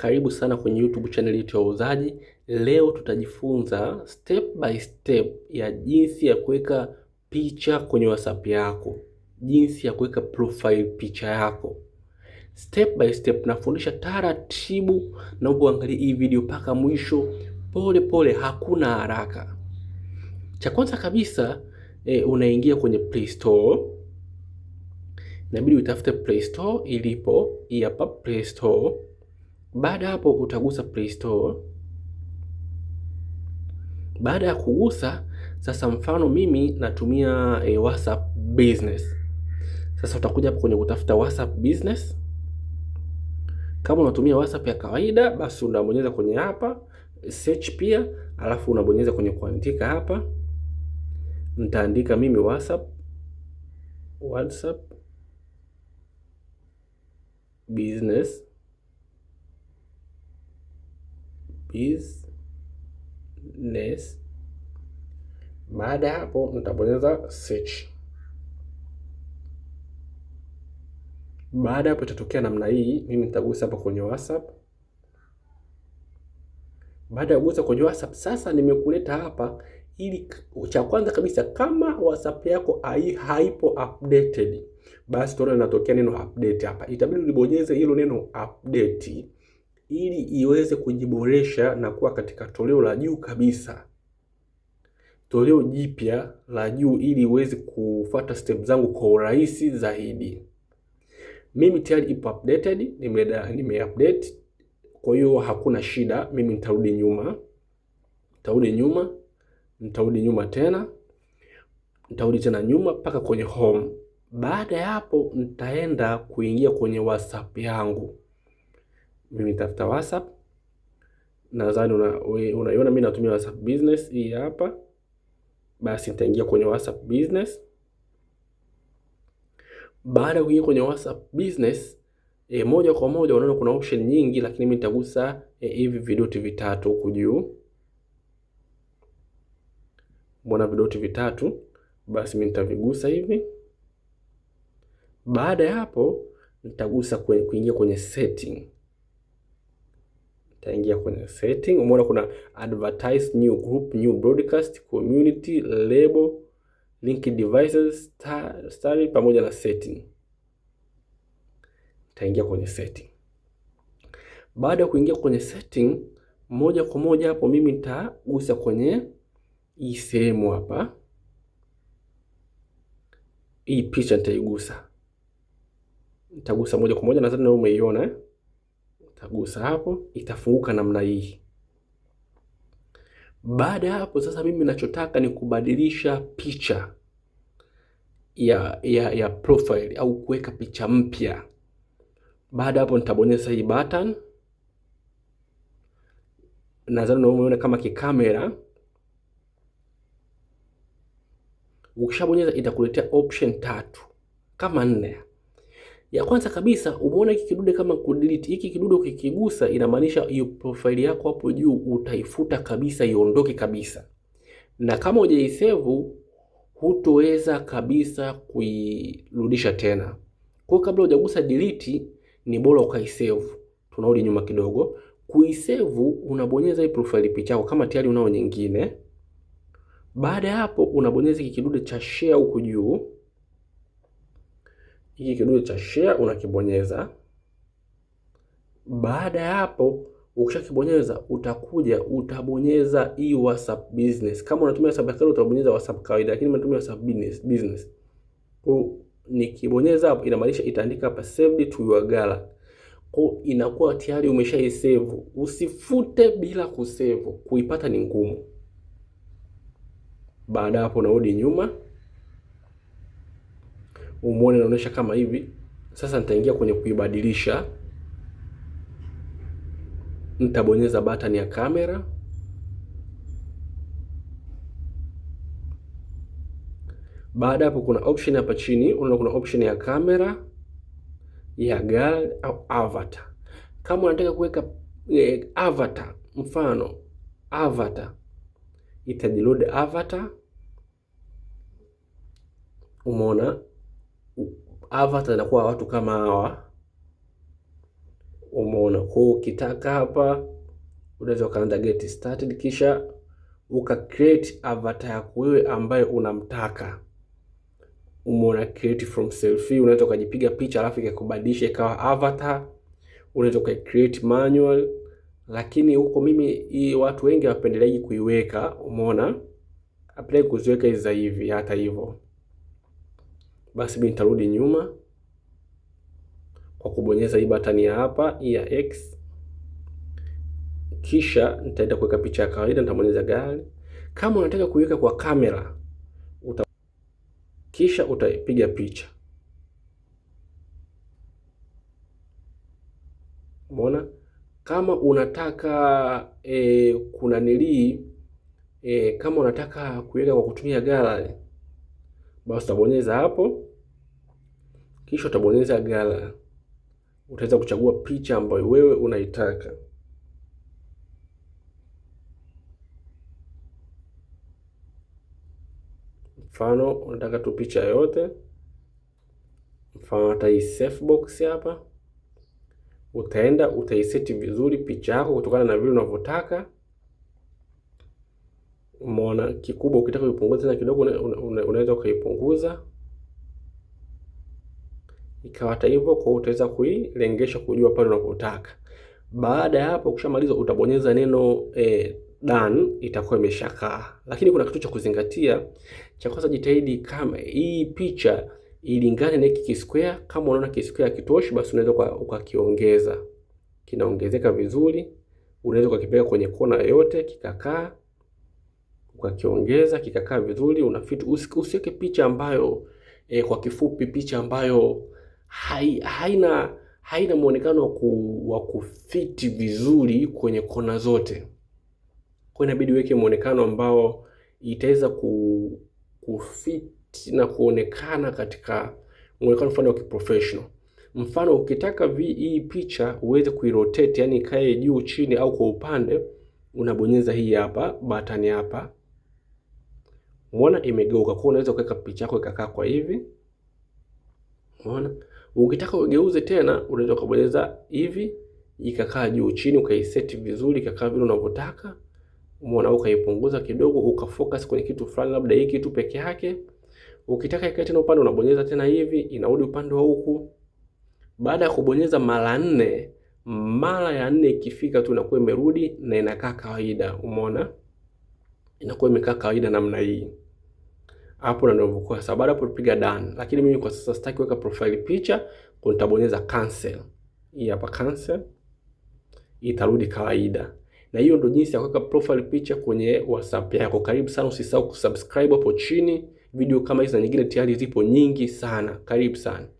Karibu sana kwenye YouTube channel yetu ya Wauzaji. Leo tutajifunza step by step ya jinsi ya kuweka picha kwenye WhatsApp yako, jinsi ya kuweka profile picha yako step by step. Nafundisha taratibu, naomba uangalie hii video mpaka mwisho, pole pole, hakuna haraka. Cha kwanza kabisa e, unaingia kwenye Play Store, inabidi utafute Play Store ilipo hapa, Play Store baada ya hapo utagusa Play Store. Baada ya kugusa sasa, mfano mimi natumia e, WhatsApp Business. Sasa utakuja hapo kwenye kutafuta WhatsApp Business. Kama unatumia WhatsApp ya kawaida, basi unabonyeza kwenye hapa search pia, alafu unabonyeza kwenye kuandika hapa. Nitaandika mimi WhatsApp WhatsApp Business business. Baada ya hapo nitabonyeza search. Baada ya hapo itatokea namna hii, mimi nitagusa hapo kwenye WhatsApp. Baada ya kugusa kwenye WhatsApp, sasa nimekuleta hapa ili cha kwanza kabisa, kama WhatsApp yako haipo updated, basi tuone inatokea neno update hapa, itabidi ulibonyeze hilo neno update ili iweze kujiboresha na kuwa katika toleo la juu kabisa, toleo jipya la juu, ili iweze kufuata step zangu kwa urahisi zaidi. Mimi tayari ipo updated, nime nime update, kwa hiyo hakuna shida. Mimi nitarudi nyuma, nitarudi nyuma, nitarudi nyuma tena, nitarudi tena nyuma mpaka kwenye home. Baada ya hapo, nitaenda kuingia kwenye WhatsApp yangu mimi tafuta WhatsApp, nadhani unaiona una, mimi natumia WhatsApp business hii hapa. Basi nitaingia kwenye WhatsApp business. Baada ya kuingia kwenye WhatsApp business E, moja kwa moja unaona kuna option nyingi, lakini mimi nitagusa e, hivi e, vidoti vitatu huku juu. Mbona vidoti vitatu? Basi mimi nitavigusa hivi. Baada ya hapo nitagusa kuingia kwenye setting taingia kwenye setting. Umeona kuna advertise new group, new broadcast, community, label, link devices, star, star pamoja na setting. Taingia kwenye setting. Baada ya kuingia kwenye setting, moja kwa moja hapo mimi nitagusa kwenye hii sehemu hapa, hii picha nitaigusa, nitagusa moja kwa moja, nadhani na umeiona eh? tagusa hapo, itafunguka namna hii. Baada ya hapo sasa, mimi ninachotaka ni kubadilisha picha ya ya, ya profile au kuweka picha mpya. Baada hapo nitabonyeza hii button, nadhani unaona kama kikamera. Ukishabonyeza itakuletea option tatu kama nne ya kwanza kabisa umeona hiki kidude kama kudelete. Hiki kidude ukikigusa inamaanisha hiyo profile yako hapo juu utaifuta kabisa, iondoke kabisa. Na kama hujaisave hutoweza kabisa kuirudisha tena. Kwa kabla hujagusa delete ni bora ukaisave. Tunarudi nyuma kidogo. Kuisave unabonyeza hii profile picha yako kama tayari unao nyingine. Baada ya hapo unabonyeza hiki kidude cha share huku juu hiki kidude cha share unakibonyeza. Baada ya hapo ukishakibonyeza utakuja utabonyeza hii WhatsApp business. Kama unatumia WhatsApp kawaida utabonyeza WhatsApp kawaida, lakini unatumia WhatsApp business business. Kwa nikibonyeza hapo inamaanisha itaandika hapa saved to your gala, Kwa inakuwa tayari umeshaisave. Usifute bila kusave, kuipata ni ngumu. Baada hapo unarudi nyuma umuone naonesha kama hivi. Sasa nitaingia kwenye kuibadilisha, nitabonyeza button ya kamera, baada hapo kuna option hapa chini, unaona kuna option ya kamera ya gallery au avatar. Kama unataka kuweka eh, avatar, mfano avatar, itajiload avatar, umeona avatar inakuwa watu kama hawa, umeona. Kwa ukitaka hapa unaweza ukaanza get started, kisha uka create avatar yako wewe ambaye unamtaka, umeona, create from selfie. Unaweza ukajipiga picha alafu ikakubadilisha ikawa avatar, unaweza uka create manual, lakini huko mimi hii watu wengi wapendeleaji kuiweka, umeona, apply kuziweka hizi za hivi. Hata hivyo basi mimi nitarudi nyuma kwa kubonyeza hii batani ya hapa e ya X, kisha nitaenda kuweka picha ya kawaida, nitabonyeza gari. Kama unataka kuiweka kwa kamera uta... kisha utapiga picha. mona Kama unataka e, eh, kuna nilii e, eh, kama unataka kuiweka kwa kutumia gallery basi utabonyeza hapo, kisha utabonyeza gala Utaweza kuchagua picha ambayo wewe unaitaka. Mfano unataka tu picha yoyote, mfano tai safe box hapa. Utaenda utaiseti vizuri picha yako kutokana na vile unavyotaka umeona kikubwa, ukitaka kuipunguza tena kidogo, unaweza ukaipunguza ikawa hata hivyo, kwa utaweza kuilengesha kujua pale unapotaka. Baada ya hapo, kushamaliza, utabonyeza neno e, done, itakuwa imeshakaa. Lakini kuna kitu cha kuzingatia. Cha kwanza, jitahidi kama hii picha ilingane na hiki kisquare. Kama unaona kisquare kitoshi, basi unaweza ukakiongeza, kinaongezeka vizuri. Unaweza ukakipeleka kwenye kona yoyote kikakaa ukakiongeza kikakaa vizuri, unafit. Usiweke picha ambayo e, kwa kifupi, picha ambayo hai, haina haina muonekano wa kufiti vizuri kwenye kona zote. Kwa inabidi uweke muonekano ambao itaweza ku, kufiti na kuonekana katika muonekano fulani wa kiprofessional. Mfano, ukitaka hii picha uweze kuirotate, yani ikae juu chini au kwa upande, unabonyeza hii hapa batani hapa Umeona imegeuka. Kwa unaweza kuweka picha yako ikakaa kwa hivi. Umeona? Ukitaka ugeuze tena unaweza kubonyeza hivi ikakaa juu chini, ukaiseti vizuri ikakaa vile unavyotaka. Umeona, ukaipunguza kidogo, ukafocus kwenye kitu fulani, labda hiki tu peke yake. Ukitaka ikae tena upande unabonyeza tena hivi, inarudi upande wa huku. Baada ya kubonyeza mara nne, mara ya nne ikifika tu inakuwa imerudi na inakaa kawaida. Umeona? inakuwa imekaa kawaida namna hii. Hapo na ndio kwa sababu baada hapo tupiga done, lakini mimi kwa sasa sitaki weka profile picha, kwa nitabonyeza cancel. Hii hapa cancel, itarudi kawaida. Na hiyo ndio jinsi ya kuweka profile picha kwenye WhatsApp yako. Karibu sana, usisahau kusubscribe hapo chini. Video kama hizi na nyingine tayari zipo nyingi sana. Karibu sana.